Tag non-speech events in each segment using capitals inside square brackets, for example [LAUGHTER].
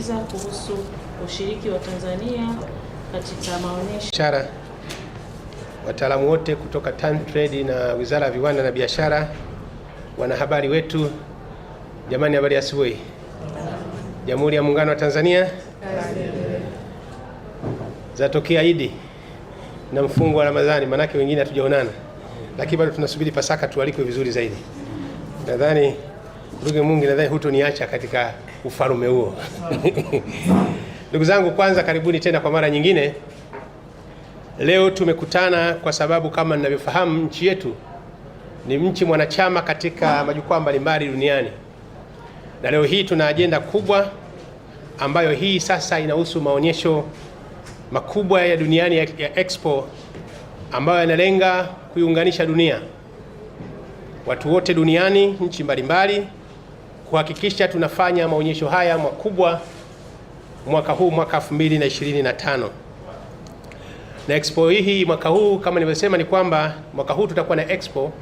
kuuliza kuhusu ushiriki wa Tanzania katika maonyesho Chara. Wataalamu wote kutoka TanTrade na Wizara ya Viwanda na Biashara, wanahabari wetu, jamani, habari ya asubuhi. Jamhuri ya Muungano wa Tanzania, zatokea Idi na mfungo wa Ramadhani, maanake wengine hatujaonana, lakini bado tunasubiri Pasaka tualikwe vizuri zaidi. Nadhani ndugu Mungu, nadhani hutoniacha katika ufalume huo. [LAUGHS] Ndugu zangu, kwanza karibuni tena kwa mara nyingine. Leo tumekutana kwa sababu kama ninavyofahamu nchi yetu ni nchi mwanachama katika majukwaa mbalimbali duniani, na leo hii tuna ajenda kubwa ambayo hii sasa inahusu maonyesho makubwa ya duniani ya, ya Expo ambayo yanalenga kuiunganisha dunia, watu wote duniani, nchi mbalimbali kuhakikisha tunafanya maonyesho haya makubwa mwaka huu mwaka 2025 na expo hii mwaka huu kama nilivyosema, ni kwamba mwaka huu tutakuwa na expo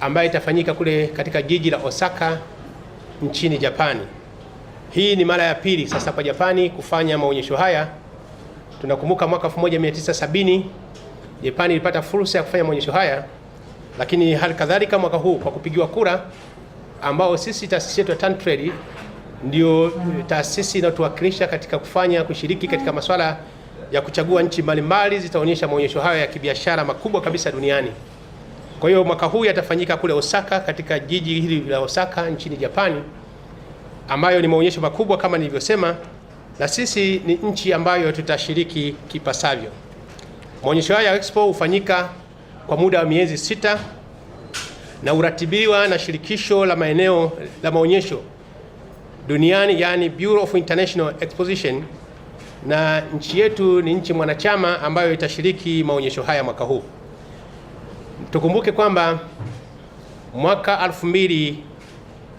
ambayo itafanyika kule katika jiji la Osaka nchini Japani. Hii ni mara ya pili sasa kwa Japani kufanya maonyesho haya. Tunakumbuka mwaka 1970 Japani ilipata fursa ya kufanya maonyesho haya, lakini hali kadhalika mwaka huu kwa kupigiwa kura ambao sisi taasisi yetu ya TanTrade ndio eh, taasisi inayotuwakilisha katika kufanya kushiriki katika masuala ya kuchagua nchi mbalimbali zitaonyesha maonyesho hayo ya kibiashara makubwa kabisa duniani. Kwa hiyo mwaka huu yatafanyika kule Osaka, katika jiji hili la Osaka nchini Japani, ambayo ni maonyesho makubwa kama nilivyosema, na sisi ni nchi ambayo tutashiriki kipasavyo. Maonyesho haya ya Expo hufanyika kwa muda wa miezi sita na uratibiwa na shirikisho la maeneo la maonyesho duniani yani Bureau of International Exposition, na nchi yetu ni nchi mwanachama ambayo itashiriki maonyesho haya mwaka huu. Tukumbuke kwamba mwaka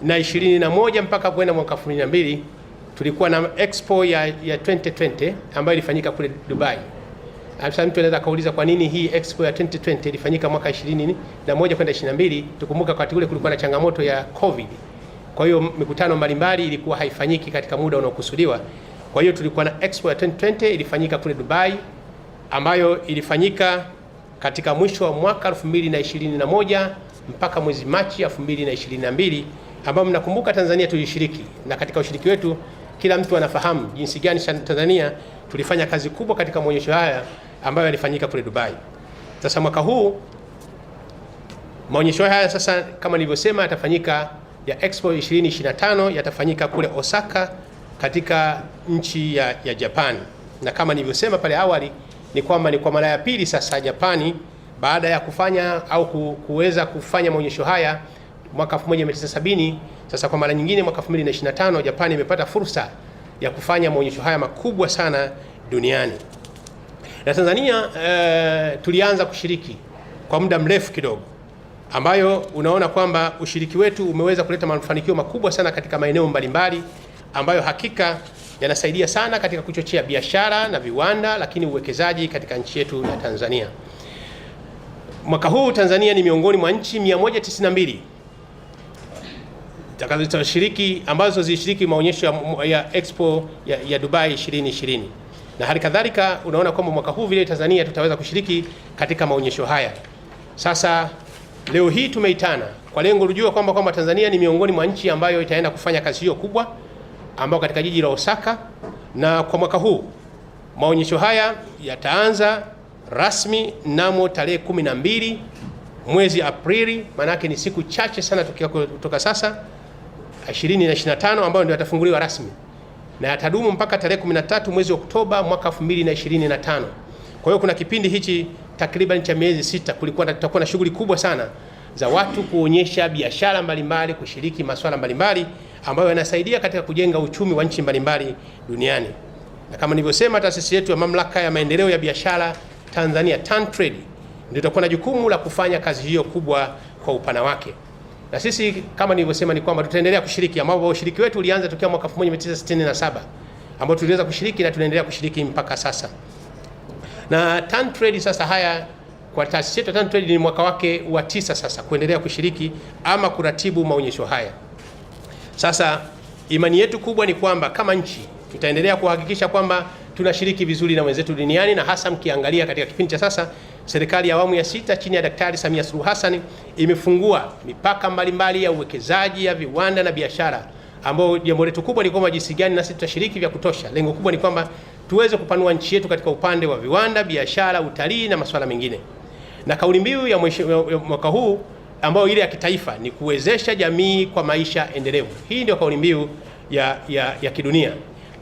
2021 mpaka kwenda mwaka 2022 tulikuwa na expo ya, ya 2020 ambayo ilifanyika kule Dubai. Mtu anaweza kauliza kwa nini hii expo ya 2020 ilifanyika mwaka 20 na moja kwenda 22. Tukumbuka wakati ule kulikuwa na changamoto ya COVID, kwa hiyo mikutano mbalimbali ilikuwa haifanyiki katika muda unaokusudiwa. Kwa hiyo tulikuwa na expo ya 2020 ilifanyika kule Dubai, ambayo ilifanyika katika mwisho wa mwaka 2021 mpaka mwezi Machi 2022, ambayo mnakumbuka Tanzania tulishiriki, na katika ushiriki wetu kila mtu anafahamu jinsi gani Tanzania tulifanya kazi kubwa katika maonyesho haya ambayo yalifanyika kule Dubai. Sasa mwaka huu maonyesho haya sasa, kama nilivyosema, yatafanyika ya Expo 2025 yatafanyika kule Osaka katika nchi ya, ya Japani, na kama nilivyosema pale awali ni kwamba ni kwa mara ya pili sasa Japani baada ya kufanya au kuweza kufanya maonyesho haya mwaka 1970. Sasa kwa mara nyingine mwaka 2025 Japani imepata fursa ya kufanya maonyesho haya makubwa sana duniani na Tanzania e, tulianza kushiriki kwa muda mrefu kidogo, ambayo unaona kwamba ushiriki wetu umeweza kuleta mafanikio makubwa sana katika maeneo mbalimbali ambayo hakika yanasaidia sana katika kuchochea biashara na viwanda, lakini uwekezaji katika nchi yetu ya Tanzania. Mwaka huu Tanzania ni miongoni mwa nchi 192 zitakazoshiriki ambazo zilishiriki maonyesho ya, ya Expo ya, ya Dubai 2020 na hali kadhalika unaona kwamba mwaka huu vile Tanzania tutaweza kushiriki katika maonyesho haya. Sasa leo hii tumeitana kwa lengo lujua kwamba kwamba Tanzania ni miongoni mwa nchi ambayo itaenda kufanya kazi hiyo kubwa ambayo katika jiji la Osaka, na kwa mwaka huu maonyesho haya yataanza rasmi mnamo tarehe 12 mwezi Aprili, maanake ni siku chache sana tukiwa kutoka sasa. 2025 ambayo ndio yatafunguliwa rasmi na yatadumu mpaka tarehe 13 mwezi Oktoba mwaka 2025. Kwa hiyo kuna kipindi hichi takriban cha miezi sita, kulikuwa tutakuwa na shughuli kubwa sana za watu kuonyesha biashara mbalimbali, kushiriki masuala mbalimbali ambayo yanasaidia katika kujenga uchumi wa nchi mbalimbali duniani. Na kama nilivyosema, taasisi yetu ya Mamlaka ya Maendeleo ya Biashara Tanzania TanTrade ndio itakuwa na jukumu la kufanya kazi hiyo kubwa kwa upana wake na sisi kama nilivyosema ni kwamba tutaendelea kushiriki, ambapo ushiriki wetu ulianza tokea mwaka 1967 ambao tuliweza kushiriki na tunaendelea kushiriki mpaka sasa. Na Trade sasa haya kwa taasisi yetu Trade ni mwaka wake wa tisa sasa kuendelea kushiriki ama kuratibu maonyesho haya. Sasa imani yetu kubwa ni kwamba kama nchi tutaendelea kuhakikisha kwamba tunashiriki vizuri na wenzetu duniani na hasa mkiangalia katika kipindi cha sasa Serikali ya awamu ya sita chini ya Daktari Samia Suluhu Hassan imefungua mipaka mbalimbali ya uwekezaji ya viwanda na biashara, ambayo jambo letu kubwa ni kwamba jinsi gani nasi tutashiriki vya kutosha. Lengo kubwa ni kwamba tuweze kupanua nchi yetu katika upande wa viwanda, biashara, utalii na masuala mengine. Na kauli mbiu ya mwaka huu ambayo ile ya kitaifa ni kuwezesha jamii kwa maisha endelevu. Hii ndio kauli mbiu ya, ya, ya kidunia,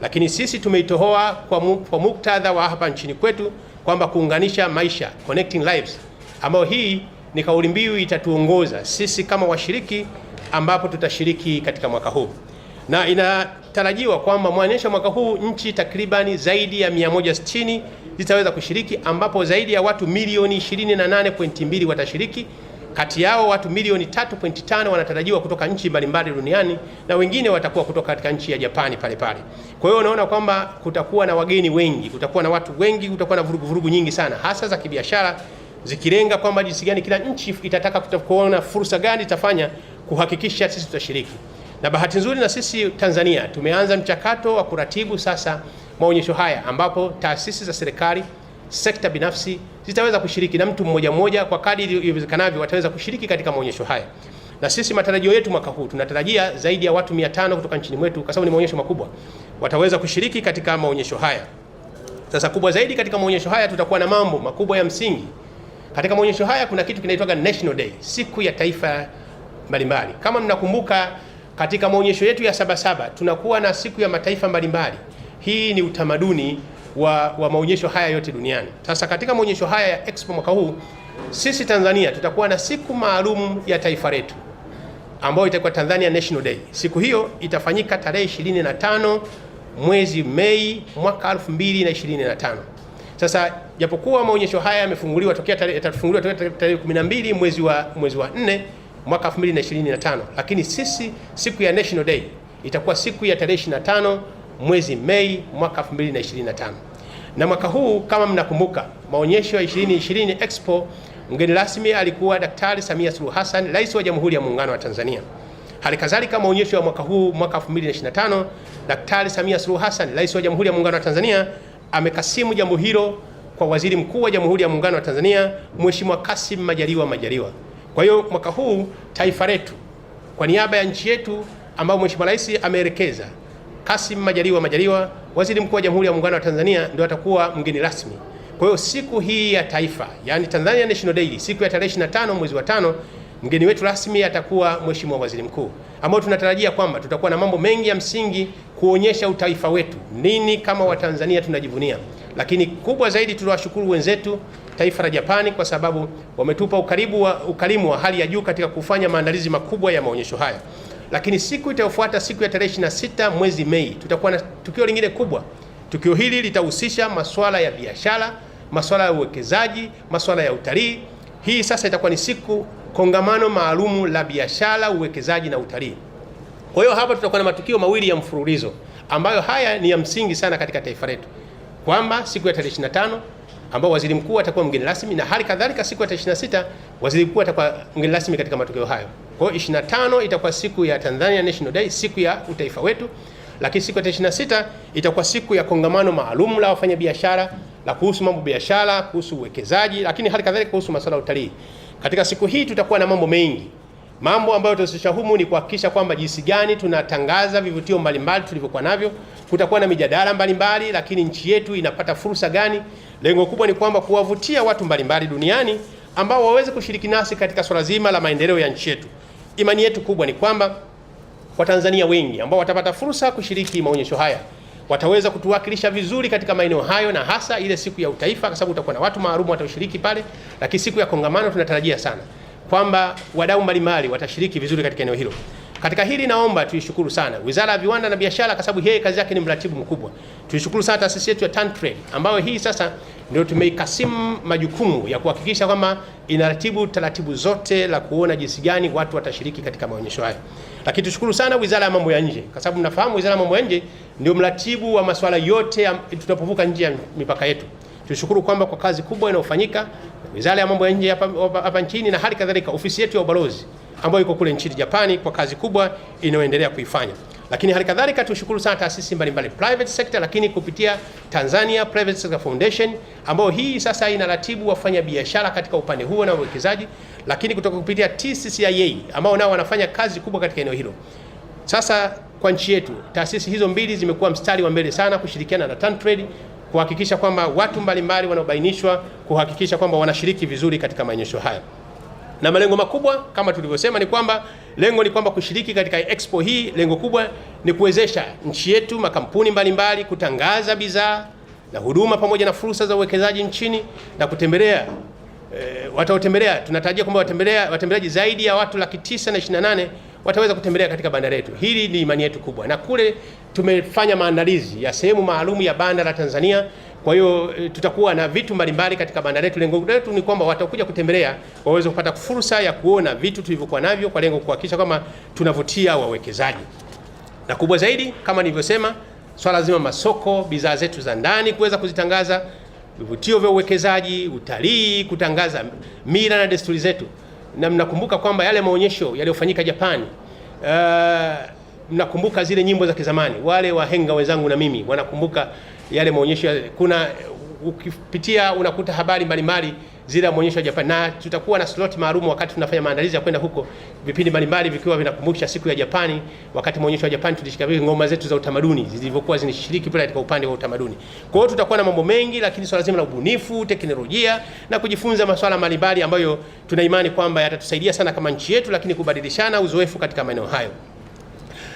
lakini sisi tumeitohoa kwa, mu, kwa muktadha wa hapa nchini kwetu kwamba kuunganisha maisha, connecting lives, ambayo hii ni kauli mbiu itatuongoza sisi kama washiriki, ambapo tutashiriki katika mwaka huu, na inatarajiwa kwamba mwanyesha mwaka huu nchi takribani zaidi ya 160 zitaweza kushiriki, ambapo zaidi ya watu milioni 28.2 watashiriki kati yao watu milioni 3.5 wanatarajiwa kutoka nchi mbalimbali duniani na wengine watakuwa kutoka katika nchi ya Japani pale pale. Kwa hiyo unaona kwamba kutakuwa na wageni wengi, kutakuwa na watu wengi, kutakuwa na vurugu vurugu nyingi sana, hasa za kibiashara, zikilenga kwamba jinsi gani kila nchi itataka kuona fursa gani itafanya kuhakikisha sisi tutashiriki. Na bahati nzuri na sisi Tanzania tumeanza mchakato wa kuratibu sasa maonyesho haya ambapo taasisi za serikali sekta binafsi zitaweza kushiriki na mtu mmoja mmoja kwa kadri iwezekanavyo wataweza kushiriki katika maonyesho haya. Na sisi matarajio yetu mwaka huu tunatarajia zaidi ya watu 500 kutoka nchini mwetu, kwa sababu ni maonyesho makubwa, wataweza kushiriki katika maonyesho haya. Sasa kubwa zaidi katika maonyesho haya tutakuwa na mambo makubwa ya msingi. Katika maonyesho haya kuna kitu kinaitwa National Day, siku ya taifa mbalimbali. Kama mnakumbuka katika maonyesho yetu ya Sabasaba tunakuwa na siku ya mataifa mbalimbali. Hii ni utamaduni wa, wa maonyesho haya yote duniani. Sasa katika maonyesho haya ya Expo mwaka huu sisi Tanzania tutakuwa na siku maalum ya taifa letu ambayo itakuwa Tanzania National Day. Siku hiyo itafanyika tarehe 25 mwezi Mei mwaka 2025. Sasa japokuwa maonyesho haya yamefunguliwa tokea yatafunguliwa tokea tarehe 12 mwezi wa mwezi wa 4 mwaka 2025, lakini sisi siku ya National Day itakuwa siku ya tarehe 25 mwezi Mei mwaka 2025. Na mwaka huu kama mnakumbuka, maonyesho ya 2020 Expo, mgeni rasmi alikuwa Daktari Samia Suluhu Hassan, Rais wa Jamhuri ya Muungano wa Tanzania. Hali kadhalika maonyesho ya mwaka huu mwaka 2025, Daktari Samia Suluhu Hassan, Rais wa Jamhuri ya Muungano wa Tanzania, amekasimu jambo hilo kwa Waziri Mkuu wa Jamhuri ya Muungano wa Tanzania Mheshimiwa Kassim Majaliwa Majaliwa. Kwa hiyo mwaka huu taifa letu kwa niaba ya nchi yetu ambayo Mheshimiwa Rais ameelekeza Kassim Majaliwa Majaliwa, waziri mkuu wa Jamhuri ya Muungano wa Tanzania, ndio atakuwa mgeni rasmi. Kwa hiyo siku hii ya taifa, yani Tanzania National Day, siku ya tarehe 25 mwezi wa tano, mgeni wetu rasmi atakuwa Mheshimiwa Waziri Mkuu, ambao tunatarajia kwamba tutakuwa na mambo mengi ya msingi kuonyesha utaifa wetu, nini kama Watanzania tunajivunia. Lakini kubwa zaidi, tunawashukuru wenzetu taifa la Japani kwa sababu wametupa ukarimu wa, ukarimu wa hali ya juu katika kufanya maandalizi makubwa ya maonyesho haya. Lakini siku itayofuata siku ya tarehe 26 mwezi Mei tutakuwa na tukio lingine kubwa. Tukio hili litahusisha masuala ya biashara, masuala ya uwekezaji, masuala ya utalii. Hii sasa itakuwa ni siku kongamano maalumu la biashara, uwekezaji na utalii. Kwa hiyo hapa tutakuwa na matukio mawili ya mfululizo ambayo haya ni ya msingi sana katika taifa letu, kwamba siku ya tarehe 25 ambao waziri mkuu atakuwa mgeni rasmi na hali kadhalika siku ya 26 waziri mkuu atakuwa mgeni rasmi katika matokeo hayo. Kwa hiyo 25 itakuwa siku ya Tanzania National Day, siku ya utaifa wetu, lakini siku ya 26 itakuwa siku ya kongamano maalum la wafanyabiashara la kuhusu mambo biashara, kuhusu uwekezaji, lakini hali kadhalika kuhusu masuala ya utalii. Katika siku hii tutakuwa na mambo mengi Mambo ambayo tutahusisha humu ni kuhakikisha kwamba jinsi gani tunatangaza vivutio mbalimbali tulivyokuwa navyo. Kutakuwa na mijadala mbalimbali, lakini nchi yetu inapata fursa gani? Lengo kubwa ni kwamba kuwavutia watu mbalimbali duniani ambao waweze kushiriki nasi katika swala zima la maendeleo ya nchi yetu. Imani yetu kubwa ni kwamba Watanzania wengi ambao watapata fursa kushiriki maonyesho haya wataweza kutuwakilisha vizuri katika maeneo hayo, na hasa ile siku ya utaifa, kwa sababu utakuwa na watu maalum watashiriki pale, lakini siku ya kongamano tunatarajia sana kwamba wadau mbalimbali watashiriki vizuri katika eneo hilo. Katika hili naomba tuishukuru sana Wizara ya Viwanda na Biashara kwa sababu yeye kazi yake ni mratibu mkubwa. Tuishukuru sana taasisi yetu ya Tantrade ambayo hii sasa ndio tumeikasimu majukumu ya kuhakikisha kwamba inaratibu taratibu zote la kuona jinsi gani watu watashiriki katika maonyesho hayo. Lakini tushukuru sana Wizara ya Mambo ya Nje kwa sababu mnafahamu Wizara ya Mambo ya Nje ndio mratibu wa masuala yote tunapovuka nje ya mipaka yetu. Tushukuru kwamba kwa kazi kubwa inayofanyika wizara ya mambo ya nje hapa nchini na hali kadhalika ofisi yetu ya ubalozi ambayo iko kule nchini Japani kwa kazi kubwa inayoendelea kuifanya. Lakini hali kadhalika tushukuru sana taasisi mbalimbali private sector, lakini kupitia Tanzania Private Sector Foundation ambayo hii sasa inaratibu wafanya biashara katika upande huo na uwekezaji, lakini kutoka kupitia TCCIA ambao nao wanafanya kazi kubwa katika eneo hilo. Sasa kwa nchi yetu taasisi hizo mbili zimekuwa mstari wa mbele sana kushirikiana na TanTrade kuhakikisha kwamba watu mbalimbali wanaobainishwa kuhakikisha kwamba wanashiriki vizuri katika maonyesho haya na malengo makubwa kama tulivyosema ni kwamba lengo ni kwamba kushiriki katika expo hii, lengo kubwa ni kuwezesha nchi yetu makampuni mbalimbali kutangaza bidhaa na huduma pamoja na fursa za uwekezaji nchini na kutembelea e, wataotembelea tunatarajia kwamba watembelea watembeleaji zaidi ya watu laki tisa na ishirini na nane wataweza kutembelea katika banda letu. Hili ni imani yetu kubwa, na kule tumefanya maandalizi ya sehemu maalum ya banda la Tanzania. Kwa hiyo eh, tutakuwa na vitu mbalimbali katika banda letu. Lengo letu ni kwamba watakuja kutembelea waweze kupata fursa ya kuona vitu tulivyokuwa navyo kwa lengo kuhakikisha kwamba tunavutia wawekezaji, na kubwa zaidi kama nilivyosema, swala zima masoko, bidhaa zetu za ndani kuweza kuzitangaza, vivutio vya uwekezaji, utalii, kutangaza mila na desturi zetu na mnakumbuka kwamba yale maonyesho yaliyofanyika Japani, uh, mnakumbuka zile nyimbo za kizamani. Wale wahenga wenzangu na mimi wanakumbuka yale maonyesho. Kuna ukipitia unakuta habari mbalimbali zile maonyesho ya Japani, na tutakuwa na slot maalum wakati tunafanya maandalizi ya kwenda huko, vipindi mbalimbali vikiwa vinakumbusha siku ya Japani. Wakati maonyesho ya Japani vile ngoma zetu za utamaduni zilivyokuwa zinashiriki pale katika upande wa utamaduni. Kwa hiyo tutakuwa na mambo mengi, lakini swala zima la ubunifu, teknolojia na kujifunza masuala mbalimbali ambayo tuna imani kwamba yatatusaidia sana kama nchi yetu, lakini kubadilishana uzoefu katika maeneo hayo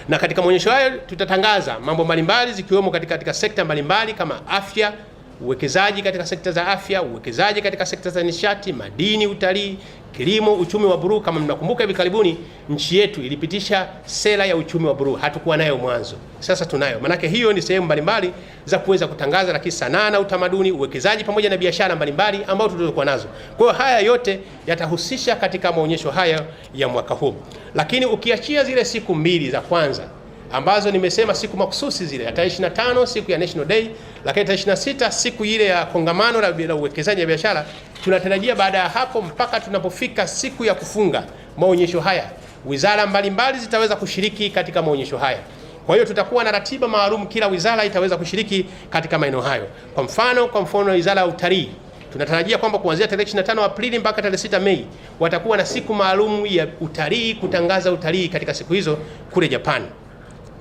na katika maonyesho hayo tutatangaza mambo mbalimbali zikiwemo katika, katika sekta mbalimbali kama afya uwekezaji katika sekta za afya, uwekezaji katika sekta za nishati, madini, utalii, kilimo, uchumi wa buluu. Kama mnakumbuka, hivi karibuni nchi yetu ilipitisha sera ya uchumi wa buluu, hatukuwa nayo mwanzo, sasa tunayo. Maanake hiyo ni sehemu mbalimbali za kuweza kutangaza, lakini sanaa na utamaduni, uwekezaji pamoja na biashara mbalimbali ambao tulizokuwa nazo. Kwa hiyo haya yote yatahusisha katika maonyesho haya ya mwaka huu, lakini ukiachia zile siku mbili za kwanza ambazo nimesema siku makususi zile tarehe 25 siku ya National Day, lakini tarehe 26 siku ile ya kongamano la uwekezaji ya biashara. Tunatarajia baada ya hapo mpaka tunapofika siku ya kufunga maonyesho haya, wizara mbalimbali zitaweza kushiriki katika maonyesho haya. Kwa hiyo tutakuwa na ratiba maalum, kila wizara itaweza kushiriki katika maeneo hayo. Kwa mfano, kwa mfano wizara ya utalii tunatarajia kwamba kuanzia tarehe 25 Aprili mpaka tarehe 6 Mei watakuwa na siku maalum ya utalii, kutangaza utalii katika siku hizo kule Japani.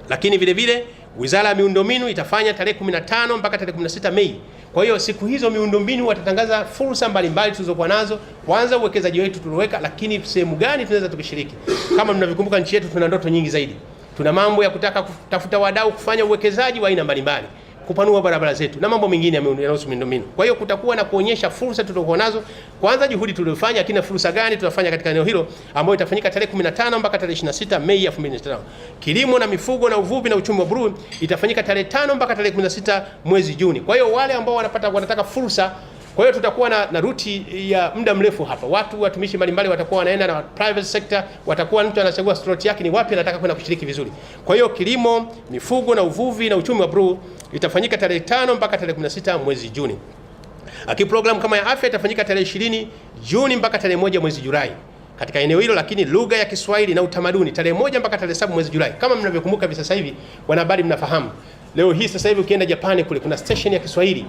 Lakini vile vile Wizara ya Miundombinu itafanya tarehe 15 mpaka tarehe 16 Mei. Kwa hiyo siku hizo miundombinu watatangaza fursa mbalimbali tulizokuwa nazo, kwanza uwekezaji wetu tulioweka, lakini sehemu gani tunaweza tukishiriki. Kama mnavyokumbuka, nchi yetu tuna ndoto nyingi zaidi, tuna mambo ya kutaka kutafuta wadau kufanya uwekezaji wa aina mbalimbali kupanua barabara zetu na mambo mengine yanayohusu miundombinu. Kwa hiyo kutakuwa na kuonyesha fursa tulizokuwa nazo, kwanza juhudi tuliofanya, lakini na fursa gani tutafanya katika eneo hilo ambayo itafanyika tarehe 15 mpaka tarehe 26 Mei 2025. Kilimo na mifugo na uvuvi na uchumi wa buluu itafanyika tarehe 5 mpaka tarehe 16 mwezi Juni. Kwa hiyo wale ambao wanapata wanataka fursa kwa hiyo tutakuwa na, na ruti ya muda mrefu hapa. Watu watumishi mbalimbali watakuwa wanaenda na private sector, watakuwa mtu anachagua slot yake ni wapi anataka kwenda kushiriki vizuri. Kwa hiyo kilimo, mifugo na uvuvi na uchumi wa bluu itafanyika tarehe tano mpaka tarehe 16 mwezi Juni. Aki program kama ya afya itafanyika tarehe 20 Juni mpaka tarehe moja mwezi Julai katika eneo hilo, lakini lugha ya Kiswahili na utamaduni tarehe moja mpaka tarehe saba mwezi Julai. Kama mnavyokumbuka hivi sasa hivi, wanahabari, mnafahamu leo hii sasa hivi ukienda Japani kule kuna station ya Kiswahili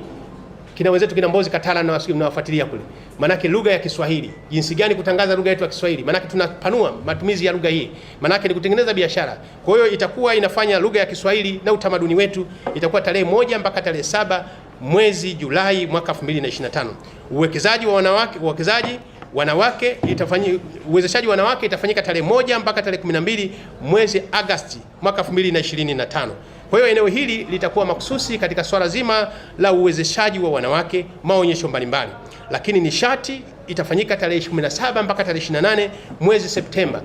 kina wenzetu kina Mbozi Katala na nawafuatilia kule, manake lugha ya Kiswahili, jinsi gani kutangaza lugha yetu ya Kiswahili, manake tunapanua matumizi ya lugha hii, manake ni kutengeneza biashara. Kwa hiyo itakuwa inafanya lugha ya Kiswahili na utamaduni wetu, itakuwa tarehe moja mpaka tarehe saba mwezi Julai mwaka 2025. Uwekezaji wa wanawake, uwekezaji wanawake itafanyika, uwezeshaji wanawake itafanyika tarehe moja mpaka tarehe 12 mwezi Agosti mwaka 2025. Kwa hiyo eneo hili litakuwa makususi katika swala zima la uwezeshaji wa wanawake, maonyesho mbalimbali, lakini nishati itafanyika tarehe 17 mpaka tarehe 28 mwezi Septemba.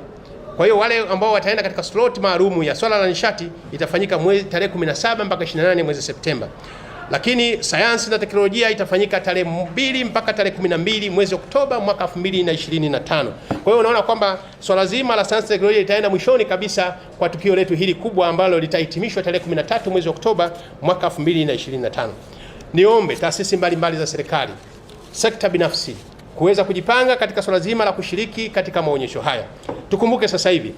Kwa hiyo wale ambao wataenda katika slot maalumu ya swala la nishati itafanyika tarehe 17 mpaka 28 mwezi Septemba. Lakini sayansi na teknolojia itafanyika tarehe mbili mpaka tarehe 12 mwezi Oktoba mwaka 2025. Kwa hiyo unaona kwamba swala zima la sayansi na teknolojia litaenda mwishoni kabisa kwa tukio letu hili kubwa ambalo litahitimishwa tarehe 13 mwezi Oktoba mwaka 2025. Niombe taasisi mbalimbali za serikali, sekta binafsi kuweza kujipanga katika swala zima la kushiriki katika maonyesho haya. Tukumbuke sasa hivi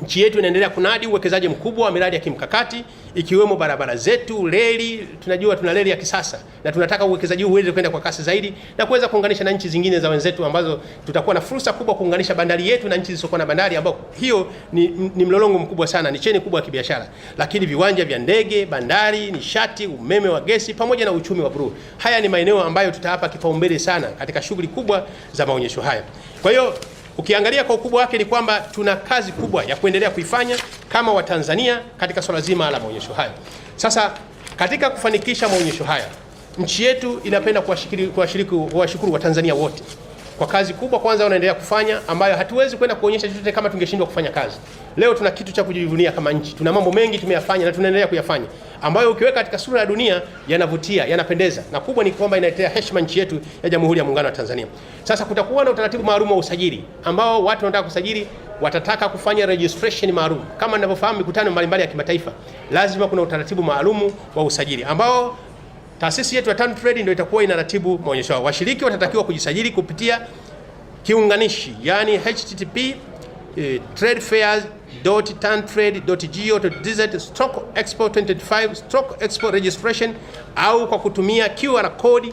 Nchi yetu inaendelea kunadi uwekezaji mkubwa wa miradi ya kimkakati ikiwemo barabara zetu, reli. Tunajua tuna reli ya kisasa na tunataka uwekezaji huu uweze kwenda kwa kasi zaidi na kuweza kuunganisha na nchi zingine za wenzetu, ambazo tutakuwa na fursa kubwa kuunganisha bandari yetu na nchi zisizokuwa na bandari, ambao hiyo ni, ni mlolongo mkubwa sana, ni cheni kubwa ya kibiashara. Lakini viwanja vya ndege, bandari, nishati, umeme wa gesi pamoja na uchumi wa bluu, haya ni maeneo ambayo tutaapa kipaumbele sana katika shughuli kubwa za maonyesho haya. Kwa hiyo Ukiangalia kwa ukubwa wake ni kwamba tuna kazi kubwa ya kuendelea kuifanya kama Watanzania katika swala zima la maonyesho haya. Sasa katika kufanikisha maonyesho haya, nchi yetu inapenda kuwashukuru Watanzania wote kwa kazi kubwa kwanza wanaendelea kufanya, ambayo hatuwezi kwenda kuonyesha chochote kama tungeshindwa kufanya kazi. Leo tuna kitu cha kujivunia kama nchi, tuna mambo mengi tumeyafanya na tunaendelea kuyafanya, ambayo ukiweka katika sura ya dunia yanavutia, yanapendeza, na kubwa ni kwamba inaletea heshima nchi yetu ya Jamhuri ya Muungano wa Tanzania. Sasa kutakuwa na utaratibu maalum wa usajili ambao watu wanataka kusajili watataka kufanya registration maalum. Kama ninavyofahamu, mikutano mbalimbali ya kimataifa lazima kuna utaratibu maalum wa usajili ambao Taasisi yetu ya tan Trade ndio itakuwa inaratibu maonyesho hayo. Washiriki watatakiwa kujisajili kupitia kiunganishi yani http eh, tradefairs.tantrade.go.tz/expo2025/expo registration au kwa kutumia QR code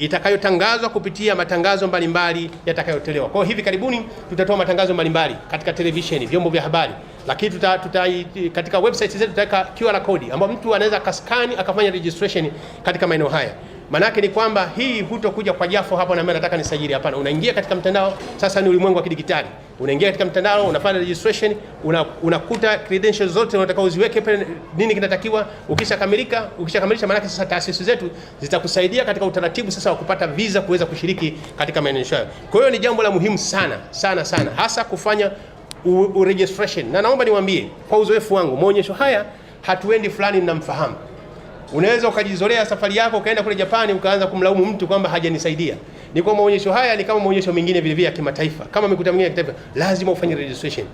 itakayotangazwa kupitia matangazo mbalimbali yatakayotolewa. Kwa hiyo hivi karibuni tutatoa matangazo mbalimbali katika televisheni, vyombo vya habari, lakini tuta, tuta, katika website zetu tutaweka QR code ambapo mtu anaweza akaskani akafanya registration katika maeneo haya. Manake ni kwamba hii hutokuja kwa Jafo hapo na mimi nataka nisajili. Hapana, unaingia katika mtandao. Sasa ni ulimwengu wa kidigitali, unaingia katika mtandao, unafanya registration, unakuta una credentials zote unataka uziweke pale, nini kinatakiwa. Ukishakamilika, ukishakamilisha, manake sasa taasisi zetu zitakusaidia katika utaratibu sasa wa kupata visa kuweza kushiriki katika maonyesho hayo. Kwa hiyo ni jambo la muhimu sana sana sana, hasa kufanya u, u registration, na naomba niwaambie kwa uzoefu wangu, maonyesho haya hatuendi fulani, ninamfahamu Unaweza ukajizolea safari yako ukaenda kule Japani ukaanza kumlaumu mtu kwamba hajanisaidia. Ni kwa maonyesho haya ni kama maonyesho mengine vile vile ya kimataifa. Kama mikutano mingine ya kitaifa, lazima ufanye registration.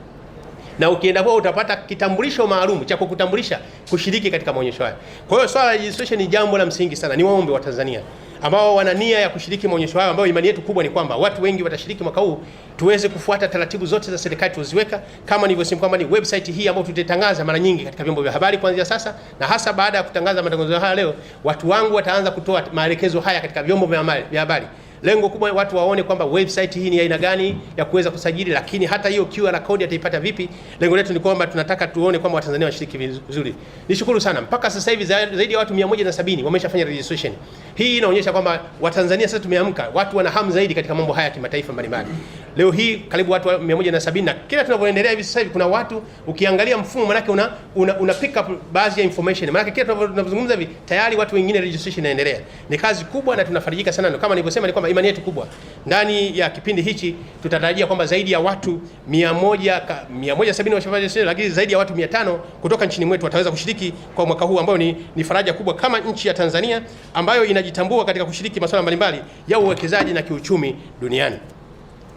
Na ukienda kwa utapata kitambulisho maalum cha kukutambulisha kushiriki katika maonyesho haya. Kwa hiyo swala la registration ni jambo la msingi sana. Ni waombe wa Tanzania ambao wana nia ya kushiriki maonyesho hayo, ambayo imani yetu kubwa ni kwamba watu wengi watashiriki mwaka huu, tuweze kufuata taratibu zote za serikali tuziweka, kama nilivyosema kwamba ni website hii ambayo tutaitangaza mara nyingi katika vyombo vya habari kuanzia sasa, na hasa baada ya kutangaza matangazo haya leo, watu wangu wataanza kutoa maelekezo haya katika vyombo vya habari Lengo kubwa watu waone kwamba website hii ni aina gani ya kuweza kusajili, lakini hata hiyo QR code ataipata vipi? Lengo letu ni kwamba tunataka tuone kwamba Watanzania washiriki vizuri. Nishukuru sana, mpaka sasa hivi zaidi ya watu 170 wameshafanya registration. Hii inaonyesha kwamba Watanzania sasa tumeamka, watu wana hamu zaidi katika mambo haya ya kimataifa mbalimbali leo hii karibu watu 170 na kila tunavyoendelea hivi sasa hivi kuna watu ukiangalia mfumo manake una, una, una pick up baadhi ya information manake kila tunavyozungumza hivi tayari watu wengine registration inaendelea. Ni kazi kubwa na tunafarijika sana, kama nilivyosema, ni kwamba imani yetu kubwa ndani ya kipindi hichi tutatarajia kwamba zaidi ya watu 100 170 washafaji, lakini zaidi ya watu 500 kutoka nchini mwetu wataweza kushiriki kwa mwaka huu ambao ni, ni faraja kubwa kama nchi ya Tanzania ambayo inajitambua katika kushiriki masuala mbalimbali ya uwekezaji na kiuchumi duniani.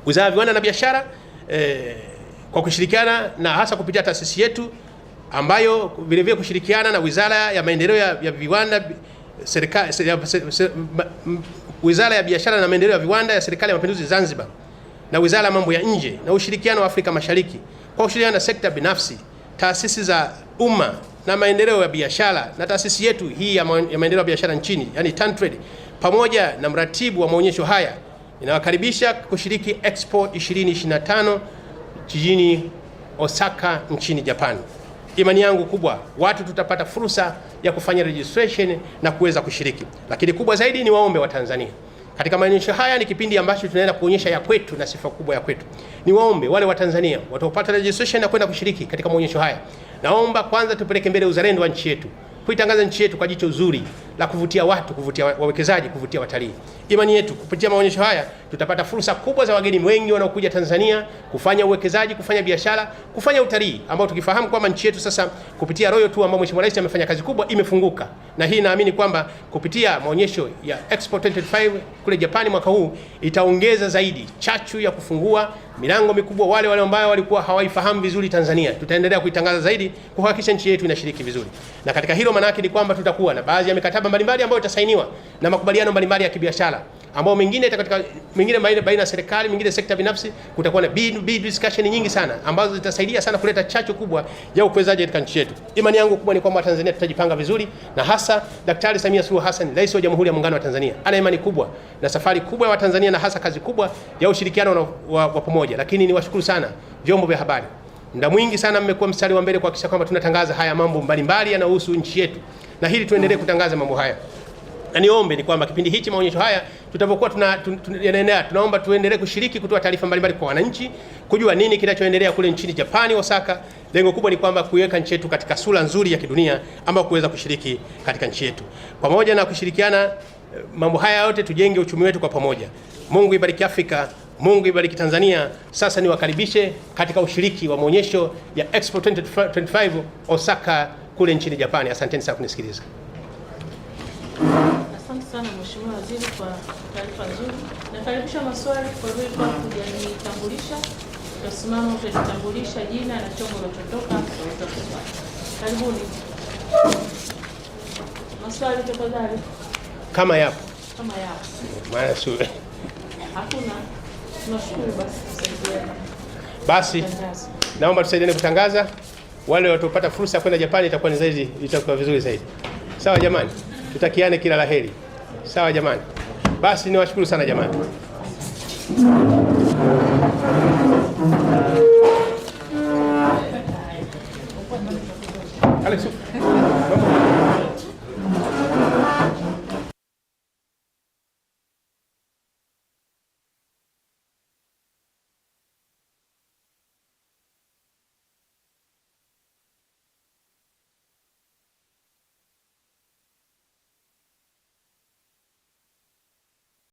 Wizara ya Viwanda na Biashara eh, kwa kushirikiana na hasa kupitia taasisi yetu ambayo vilevile kushirikiana na Wizara ya Maendeleo ya, ya Viwanda serikali Wizara ya Biashara na Maendeleo ya Viwanda ya Serikali ya Mapinduzi Zanzibar na Wizara ya Mambo ya Nje na ushirikiano wa Afrika Mashariki kwa ushirikiano na sekta binafsi, taasisi za umma na maendeleo ya biashara na taasisi yetu hii ya maendeleo ya biashara nchini, yani TanTrade, pamoja na mratibu wa maonyesho haya inawakaribisha kushiriki Expo 2025 jijini Osaka nchini Japan. Imani yangu kubwa watu tutapata fursa ya kufanya registration na kuweza kushiriki, lakini kubwa zaidi ni waombe wa Tanzania katika maonyesho haya. Ni kipindi ambacho tunaenda kuonyesha ya kwetu na sifa kubwa ya kwetu. Ni waombe wale wa Tanzania watakaopata registration na kwenda kushiriki katika maonyesho haya, naomba kwanza tupeleke mbele uzalendo wa nchi yetu kuitangaza nchi yetu kwa jicho zuri la kuvutia watu, kuvutia wawekezaji, kuvutia watalii. Imani yetu kupitia maonyesho haya tutapata fursa kubwa za wageni wengi wanaokuja Tanzania kufanya uwekezaji, kufanya biashara, kufanya utalii, ambao tukifahamu kwamba nchi yetu sasa kupitia Royal Tour ambao Mheshimiwa Rais amefanya kazi kubwa, imefunguka na hii naamini kwamba kupitia maonyesho ya Expo 25 kule Japani mwaka huu itaongeza zaidi chachu ya kufungua milango mikubwa, wale wale ambao walikuwa hawaifahamu vizuri Tanzania, tutaendelea kuitangaza zaidi kuhakikisha nchi yetu inashiriki vizuri. Na katika hilo maana yake ni kwamba tutakuwa na baadhi ya mikataba mbalimbali ambayo itasainiwa na makubaliano mbalimbali ya kibiashara ambao mengine hata katika mengine baina ya serikali, mengine sekta binafsi, kutakuwa na big, big discussion nyingi sana ambazo zitasaidia sana kuleta chachu kubwa ya ukuzaji katika nchi yetu. Imani yangu kubwa ni kwamba Tanzania tutajipanga vizuri, na hasa Daktari Samia Suluhu Hassan, Rais wa Jamhuri ya Muungano wa Tanzania, ana imani kubwa na safari kubwa ya Watanzania na hasa kazi kubwa ya ushirikiano wa, wa pamoja. Lakini niwashukuru sana vyombo vya habari, muda mwingi sana mmekuwa mstari wa mbele kuhakikisha kwamba tunatangaza haya mambo mbalimbali yanayohusu nchi yetu, na hili tuendelee kutangaza mambo haya na niombe ni kwamba kipindi hichi maonyesho haya tutavyokuwa tunaendelea, tunaomba tuendelee kushiriki kutoa taarifa mbalimbali kwa wananchi kujua nini kinachoendelea kule nchini Japani Osaka. Lengo kubwa ni kwamba kuiweka nchi yetu katika sura nzuri ya kidunia ambayo kuweza kushiriki katika nchi yetu pamoja na kushirikiana eh, mambo haya yote, tujenge uchumi wetu kwa pamoja. Mungu ibariki Afrika, Mungu ibariki Tanzania. Sasa niwakaribishe katika ushiriki wa maonyesho ya Expo 2025 Osaka kule nchini Japani. Asanteni sana kunisikiliza waziri kwa taarifa nzuri. Nakaribisha maswali kwa vile kwa kujanitambulisha, tutasimama utajitambulisha jina na chombo unachotoka kwa utakuwa. Karibuni. Maswali tafadhali. Kama yapo. Kama yapo. Maana sio. Hakuna. Tunashukuru basi kusaidiana. Basi naomba tusaidiane kutangaza wale watapata fursa ya kwenda Japani, itakuwa ni zaidi, itakuwa vizuri zaidi. Sawa jamani, tutakiane kila laheri. Sawa jamani, basi niwashukuru sana jamani.